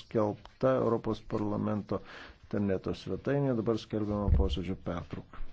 skelbta Europos parlamento interneto svetainė, dabar skelbiama posėdžio pertrauka.